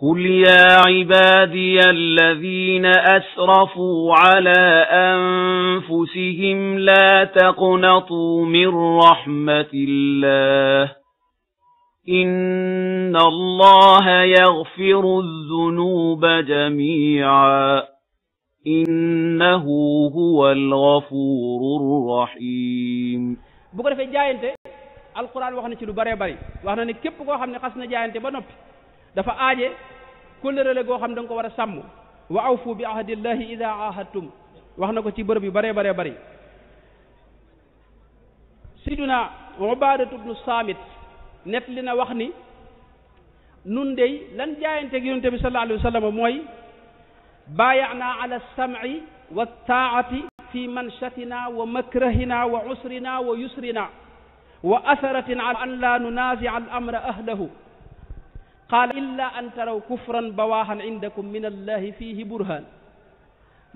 قُلْ يَا عِبَادِيَ الَّذِينَ أَسْرَفُوا عَلَى أَنفُسِهِمْ لَا تَقْنَطُوا مِن رَّحْمَةِ اللَّهِ إِنَّ اللَّهَ يَغْفِرُ الذُّنُوبَ جَمِيعًا إِنَّهُ هُوَ الْغَفُورُ الرَّحِيم بكرة في defee القرآن وحنا wax باري باري وحنا نكيب وحنا نقصنا na ne dafa aaje kóllëre la go xam dang ko wara sam wa awfu bi ahdi ahadillahi ida ahadtum waxna ko ci beurep yu bare bare bare siduna ubadatu ibn samit net li na wax ni nun dey lan jaayanteeg ak yunus sallallahu alayhi wasallam moy bay'na ala as sam'i wat-ta'ati fi manshatina wa makrahina wa usrina wa yusrina wa asaratin ala an la nunazi'a al amra ahlahu qaala illa an taraw kufran bawaaxan indakum min allahi fiihi burhaan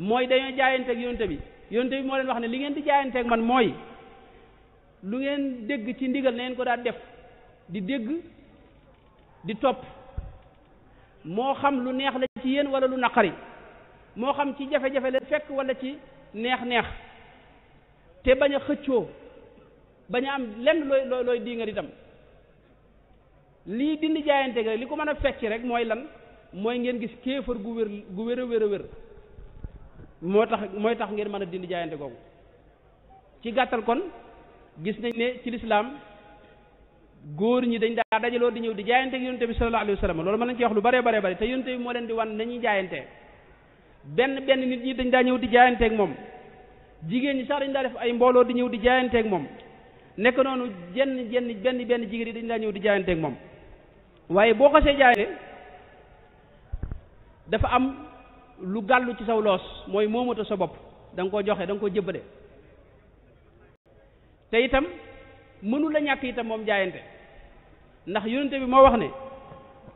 mooy dañoo jaayanteeg yonte bi yonte bi moo leen wax ne li ngeen di jaayanteeg man mooy lu ngeen dégg ci ndigal na ngeen ko daa def di dégg di topp moo xam lu neex la ci yéen walla lu naqari moo xam ci jafe-jafe la fekk walla ci neex-neex te bañ a xëccoo bañ a am lenn looy looy looy diingat itam lii dindi jaayante li ko mën a fecc rek mooy lan mooy ngeen gis kéefër gu wér gu wér a wér a wér moo tax mooy tax ngeen mën a dindi jaayante googu ci gàttal kon gis nañ ne ci lislaam góor ñi dañ daa dajaloo di ñëw di jaayante ak yonte bi sallallahu alayhi wa sallam loolu mën nañ ci wax lu bare bare bare te yonte bi moo leen di wan nañuy jaayante benn benn nit ñi dañ daa ñëw di jaayante moom jigéen ñi sax dañ daa def ay mbooloo di ñëw di jaayante moom nekk noonu jenn jenn benn benn jigéen dañ daa ñëw di jaayante moom waaye boo xasee jaayee dafa am lu gàllu ci saw loos mooy moomoto sa bopp danga koo joxe danga nga koo jëbbale te itam mënu la ñàkk itam moom jaayante ndax yonente bi moo wax ne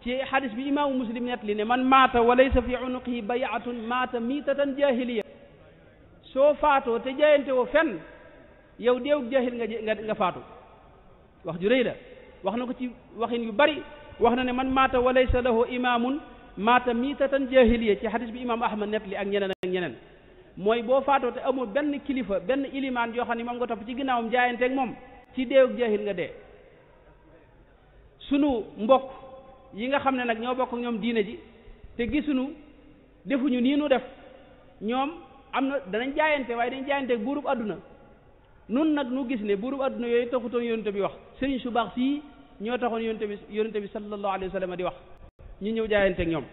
ci xadis bi imaamu muslim net li ne man maata wa laysa fi unuqihi bayatun maata miitatan jahiliya soo faatoo te jaayante woo fenn yow deewug jaahil nga nga faatu wax ju rëy la wax na ko ci waxin yu bari wax na ne man maata walaysa lahu imaamun maata miitatan jahiliya ci xadis bi imaam ahmad net li ak ñeneen ak ñeneen mooy boo faatoo te amul benn kilifa benn ilimaan yoo xam ne moom nga topp ci ginnaawam jaayanteeg moom ci déewug jahil nga dee sunu mbokk yi nga xam ne nag ñoo bokk ñoom diine ji te gisuñu defuñu nii nu def ñoom am na danañ jaayante waaye dañ jaayanteeg buurub àdduna nun nag nu gis ne buurub àdduna yooyu taxutoon yonent bi wax sëriñ su baax sii ñoo taxoon yonente bi yonente bi sallallahu alayhi wa sallam wax ñu ñëw jaayante ak ñoom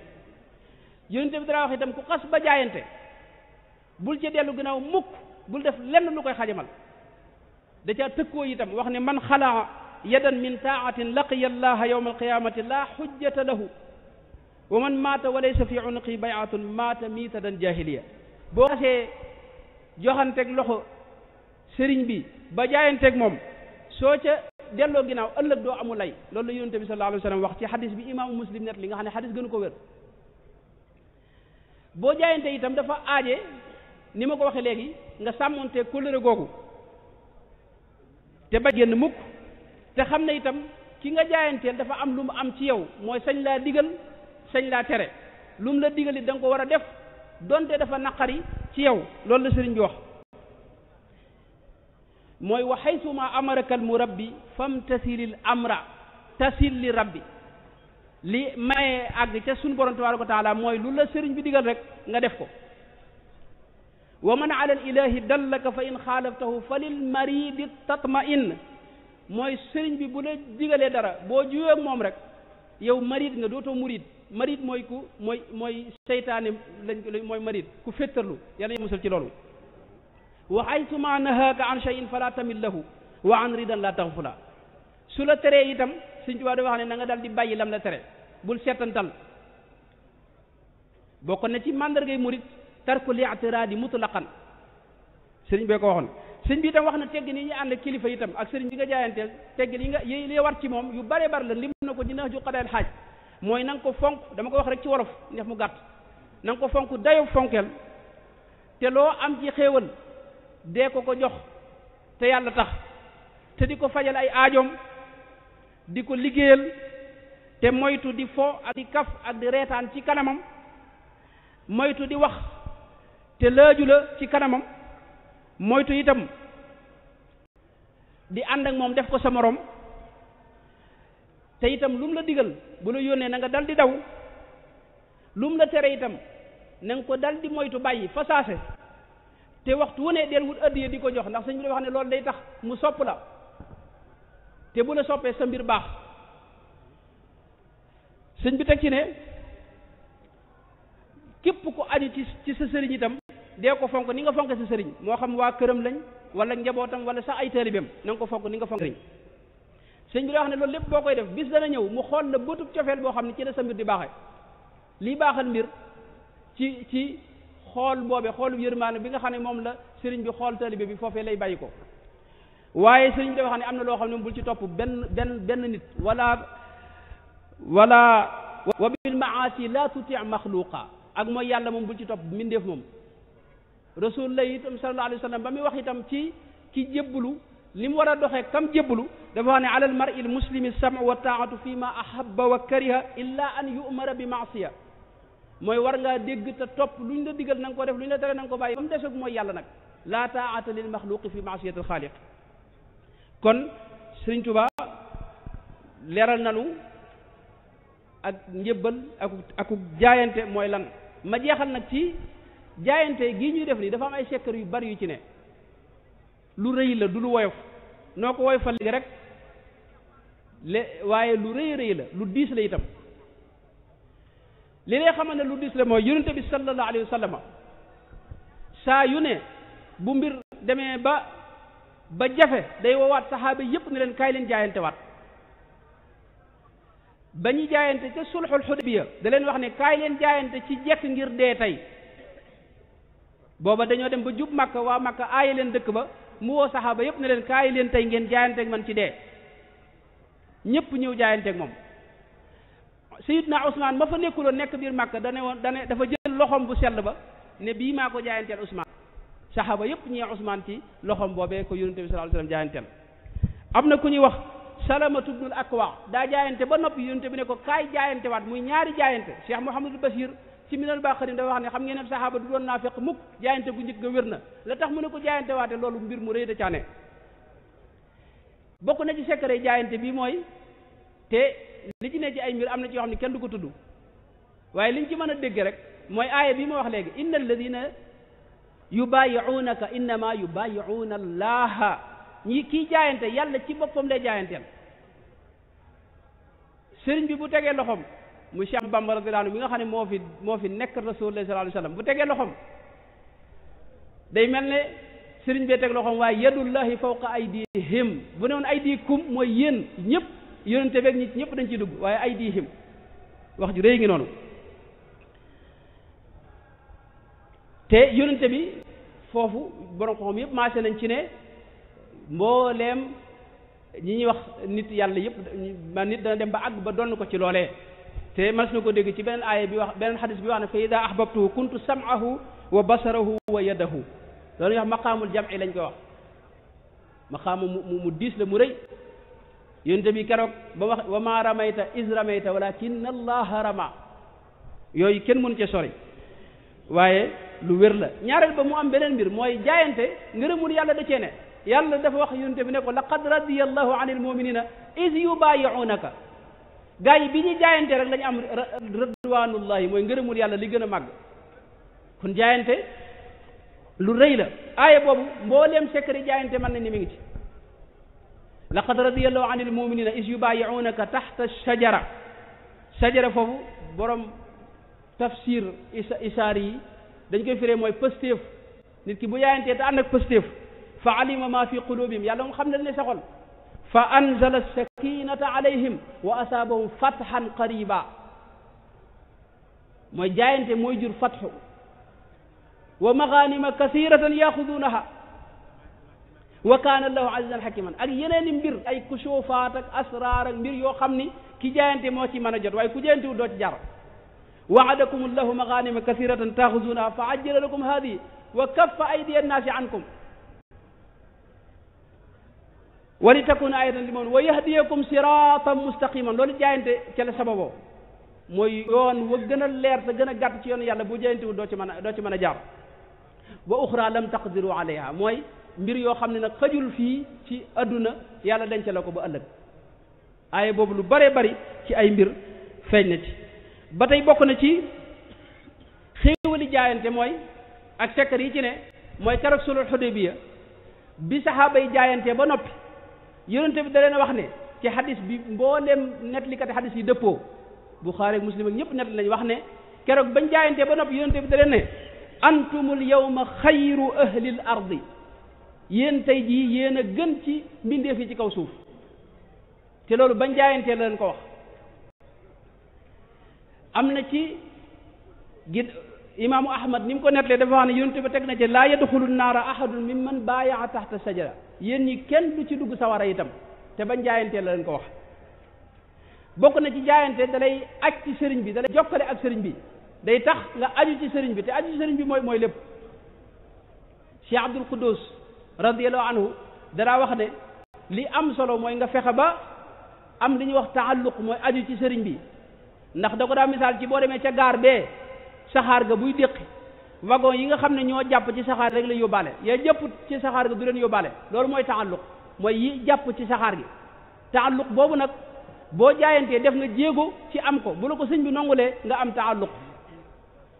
yonente bi dara wax itam ku xas ba jaayante bul ci dellu ginnaaw mukk bul def lenn lu koy xajamal da caa tëkkoo itam wax ne man xalaa yadan min taatin laqiya allaha yawma alqiyamati la xujjata lahu wa man maata wa laysa fi unuqi bayatun maata miitadan jahiliya boo xasee joxanteeg loxo sëriñ bi ba jaayanteeg moom soo ca delloo ginnaaw ëllëg doo amul lay loolu la yonent bi sallallahu alayhi wax ci xadis bi imaamu muslim net li nga xam ne xadis gënu ko wér boo jaayante itam dafa aaje ni ma ko waxee léegi nga sàmmonte kóllëre googu te ba génn mukk te xam ne itam ki nga jaayanteel dafa am lu mu am ci yow mooy sañ laa digal sañ laa tere lu mu la digal it da ko war a def donte dafa naqari ci yow loolu la sëriñ bi wax moy wa haythu ma amaraka al murabbi famtasil al amra tasil li rabbi li may ag ci sun borom tabaraka taala moy lula la bi digal rek nga def ko wa man ala al ilahi dallaka fa in khalaftahu falil marid tatma'in moy sëriñ bi bu le digale dara bo juwe ak mom rek yow marid nga doto murid marid moy ku moy moy seytaane lañ moy marid ku fetterlu yàlla ñu ci lolou wa haytuma nahaaka an shay'in fala tamil lahu wa an ridan la su la teree itam suñ tubaab di wax ne na nga dal di bàyyi lam la tere bul seetantal bokk na ci màndargay murit tarkul i'tiraadi mutlaqan sëriñ bee ko waxoon sëriñ bi itam wax na tegg nii ñu ànd kilifa itam ak sëriñ bi nga jaayanteel teggin yi nga yi war ci moom yu bare bare la lim na ko dina ju xadaal xaaj mooy na nga ko fonk dama ko wax rek ci wolof neex mu gàtt na ko fonk dayo fonkeel te loo am ci xéewal dee ko ko jox te yàlla tax te di ko fajal ay aajoom di ko liggéeyal te moytu di fo ak di kaf ak di reetaan ci kanamam moytu di wax te laaju la ci kanamam moytu itam di ànd ak moom def ko sa morom te itam lu mu la digal bu la yónnee na nga dal di daw lu mu la tere itam na ko dal di moytu bàyyi fa te waxtu wu ne del wut addiya di ko jox ndax sëñ bi wax ne loolu day tax mu sopp la te bu la soppee sa mbir baax sëñ bi teg ci ne képp ku aju ci sa sëriñ itam dee ko fonk ni nga fonk sa sëriñ moo xam waa këram lañ wala njabootam wala sax ay taalibeem na ko fonk ni nga fonk sëriñ sëñ bi wax ne loolu lépp boo koy def bis dana ñëw mu xool la bëtub cofeel boo xam ne ci la sa mbir di baaxee lii baaxal mbir ci ci xol bobé xoolu yermane bi nga xamné mom la serigne bi xol talibé bi fofé lay bayiko waye serigne sëriñ bi dafa xam ne am na loo ci top ben ben ben nit wala wala wa bil maasi la tuti makhluqa ak mooy yàlla mom bu ci top mindeef mom rasulullah itam sallallahu alayhi wasallam sallam wax itam ci ki jeblu lim wara doxé kam jeblu dafa wax ne alal mar'il muslimi samu wa taatu fi ma ahabba wa kariha illa an yu'mara bi ma'siyah mooy war ngaa dégg te topp lu ñu la digal na ko def lu ñu la tere na nga ko bàyyi ba mu defee mooy yàlla nag laa taa'ata lil maxluqi fi maasiyatil xaaliq kon sëriñ Tuubaa leeral nanu ak njëbbal ak aku jaayante mooy lan ma jeexal nag ci jaayante gi ñuy def nii dafa am ay sekkar yu bari yu ci ne lu rëy la du lu woyof noo ko woyofal rek le waaye lu rëy rëy la lu diis la itam li lay xamal ne lu dis la mooy yonente bi sallallahu alayhi wa sallam saa yu ne bu mbir demee ba ba jafe day woowaat saxaaba yépp ne leen kaay leen jaayante waat ba ñu jaayante ca sulxul da leen wax ne kaay leen jaayante ci jekk ngir dee tey booba dañoo dem ba jub màkka waa màkka aaye leen dëkk ba mu woo saxaaba yépp ne leen kaay leen tey ngeen jaayanteeg man ci dee ñépp ñëw jaayanteeg moom sayidna Ousmane ma fa nekkuloon nekk biir Màkka dane woon dane dafa jël loxoom bu sell ba ne bii maa ko jaayanteel Ousmane saxaaba yépp ñee Ousmane ci loxoom boobee ko yonente bi sallallahu alayhi wasallam jaayanteel am na ku ñuy wax salamatu ibnul akwa daa jaayante ba noppi yonente bi ne ko kaay jaayante waat muy ñaari jaayante Cheikh Mouhamadul Basir ci minal baaxarim dafa wax ne xam ngeen ne saxaaba du doon naa fekk mukk jaayante gu njëkk ga wér na la tax mu ne ko jaayante waate loolu mbir mu rëy da caane bokk na ci secret jaayante bi mooy li ci ne ci ay mbir am na ci yoo xam ne kenn du ko tudd waaye liñ ci mën a dégg rek mooy aaya bi ma wax léegi inna alladina yubayi'unaka innama yubayi'una allaha ñi kii jaayante yàlla ci boppam lay jaayanteel sëriñ bi bu tegee loxoom mu Cheikh Bamba radiyallahu anhu mi nga xam ne moo fi moo fi nekk rasulullah sallallahu alayhi wasallam bu tegee loxoom day mel ne sëriñ bee teg loxoom waaye yadullahi fawqa aydihim bu ne woon aydikum mooy yéen ñëpp yónente beeg nit ñëpp dañ ciy dugg waaye ay diihim wax ju réy ngi noonu te yónente bi foofu borom xam yëpp maase nañ ci ne mbooleem ñi ñuy wax nit yàlla yëpp ma nit dana dem ba àgg ba donn ko ci loolee te mas na ko dégg ci beneen aaya bi wax beneen xadis bi wax na fa ida ahbabtuhu kuntu sam'ahu wa basarahu wa yadahu loolu ñuy wax maqaamul jam'i lañ koy wax maqaamu mu mu diis la mu rëy yonte bi keroog ba wax wa maa ramayta is ramayta walakin allaha rama yooyu kenn mënu ce sori waaye lu wér la ñaareel ba mu am beneen mbir mooy jaayante ngërëmul yàlla da cee ne yàlla dafa wax yonte bi ne ko laqad radiyallahu anil mu'minina is yubayi'unaka gaa yi bi ñu jaayante rek lañu am radwanullahi mooy ngërëmul yàlla li gën a màgg kon jaayante lu rëy la aaya boobu mbooleem secret man mën na ni mi ngi ci laqad radiyallahu anil mu'minina is yubayi'unaka tahta shajara shajara foofu borom tafsir isaari yi dañ koy firee mooy pëstéef nit ki bu yaayantee te ànd ak pëstéef fa alima ma fi qulubihim yàlla moom xam na ne sa xol fa anzala sakinata alayhim wa asaabahum fathan qariba mooy jaayante mooy jur fathu wa maghanima kasiratan yaxudunaha وكان الله عزيزا حكيما اك يلين مبير اي كشوفات اك اسرار مبير يو خامني كي جانتي مو سي مانا جوت واي كو جانتي دو جار وعدكم الله مغانم كثيره تاخذونها فعجل لكم هذه وكف ايدي الناس عنكم ولتكون ايضا لمن ويهديكم صراطا مستقيما لول جانتي تي لا سبابو موي يون و غنا لير تا غنا غات سي يون يالا بو جانتي دو سي مانا دو سي مانا جار واخرى لم تقدروا عليها موي mbir yo xam nak xajul fi ci aduna yàlla denc lako bu ëlëk ëllëg bobu lu bare bari ci ay mbir feeñ na ci batay tey bokk na ci xéewali jaayante moy ak sekkar yi ci ne moy keroog sulul xudaybiya bi sahaba yi jaayante ba nopi yoonte bi da wax ne ci hadith bi mbooleem kat hadith yi depo bukhari ak muslim ak ñëpp nett lañ wax ne kérok bañ jaayante ba nopi yoonte bi da ne antumul yawma khayru ahli al ardi yéen tey jii yéen a gën ci mbindeef yi ci kaw suuf te loolu bañ jaayantee la leen ko wax am na ci gi imaamu ahmad ni mu ko nettalee dafa wax ne yonent ba teg na ci laa yadxulu naara ahadun mimman baayaa taxta sajara yéen ñi kenn du ci dugg sawara itam te bañ jaayantee la leen ko wax bokk na ci jaayante dalay aj ci sëriñ bi dalay jokkale ak sëriñ bi day tax nga aju ci sëriñ bi te aju ci sëriñ bi mooy mooy lépp Cheikh Abdul Quddus radiyallahu anhu danaa wax ne li am solo mooy nga fexe ba am li ñuy wax taalluq mooy aju ci sëriñ bi ndax da ko daa misaal ci boo demee ca gaar bee saxaar ga buy déq wagon yi nga xam ne ñoo jàpp ci saxaar rek la yóbbaale ya jëpp ci saxaar ga du leen yóbbaale loolu mooy taalluq mooy yi jàpp ci saxaar gi taalluq boobu nag boo jaayantee def nga jéego ci am ko bu la ko sëñ bi nongulee nga am taalluq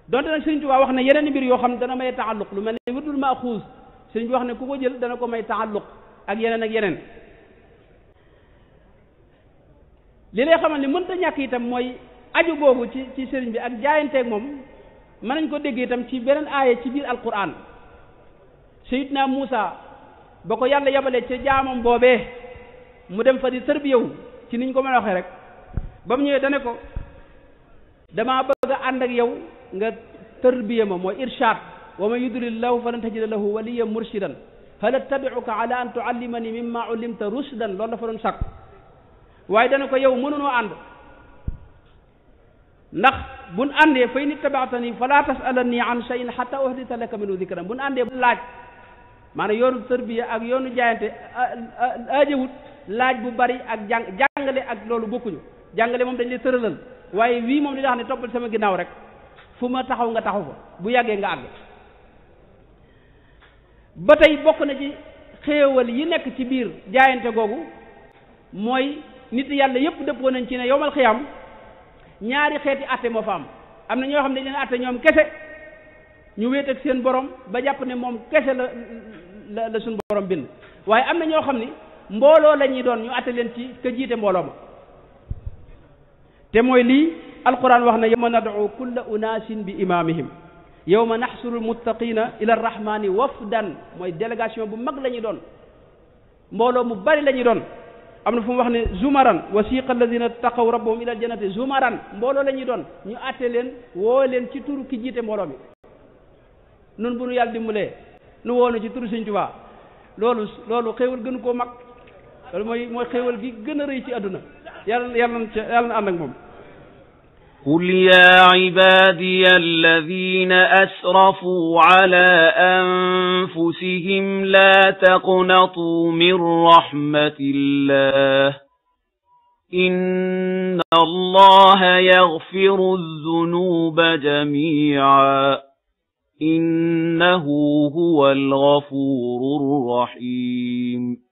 donte nag sëriñ Tuubaa wax ne yeneen mbir yoo xam ne dana may taalluq lu mel ne wirdul maaxuus sëñ bi wax ne ku ko jël dana ko may taalluq ak yeneen ak yeneen li lay xamal ni mënta ñàkk itam mooy aju googu ci ci sëriñ bi ak jaayanteeg moom mën nañ ko dégg tam ci beneen aaya ci biir alquran naa Muusa ba ko yàlla yabale ca jaamam boobee mu dem fa di tërbiyewu ci niñ ko mën a waxee rek ba mu ñëwee dane ko damaa bëgg ànd ak yow nga tërbiye ma mooy irshaad ومن يدل الله فلن تجد له وليا مرشدا هل اتبعك على ان تعلمني مما علمت رشدا لولا فرن ساك واي دانكو يو منو اند نخ بون اندي فين تبعتني فلا تسالني عن شيء حتى احدث لك من ذكرا بون اندي لاج مانا يونو تربيه اك يونو جاينتي اجيوت لاج بو بري اك جانغالي اك لولو بوكو جانغالي موم دنجي ترلال واي وي موم دي داخني توبل سما غيناو رك فما تاخو nga taxofa bu yagge nga agge ba tey bokk na ci xéewal yi nekk ci biir jaayante googu mooy nit yàlla yépp dëppoo nañ ci ne yowmal xiyam ñaari xeeti atte moo fa am am na ñoo xam ne dañ leen ñoom kese ñu wéet seen borom ba jàpp ne moom kese la la la suñu borom bind waaye am na ñoo xam ne mbooloo lañuy doon ñu atte leen ci ka jiite mbooloo ma te mooy lii alquran wax na mën a nad'u kulla unaasin bi imaamihim yawma naxsurul muttaqina ila rahmani wafdan mooy délégation bu mag lañuy doon mbooloo mu bari la ñu doon am na fu mu wax ne zumaran wasiqa alladina taqaw rabbahum ila aljannati zumaran mbooloo lañuy doon ñu àtte leen woo leen ci turu ki jiite mbooloo mi nun bu nu yàlla dimbalee nu woonu ci turu Sëñ Tuubaa loolu loolu xéewal gënu koo mag loolu mooy mooy xéewal gi gën a rëy ci àdduna yàlla yàlla na ànd ak moom قُلْ يَا عِبَادِيَ الَّذِينَ أَسْرَفُوا عَلَى أَنفُسِهِمْ لَا تَقْنَطُوا مِن رَّحْمَةِ اللَّهِ إِنَّ اللَّهَ يَغْفِرُ الذُّنُوبَ جَمِيعًا إِنَّهُ هُوَ الْغَفُورُ الرَّحِيمُ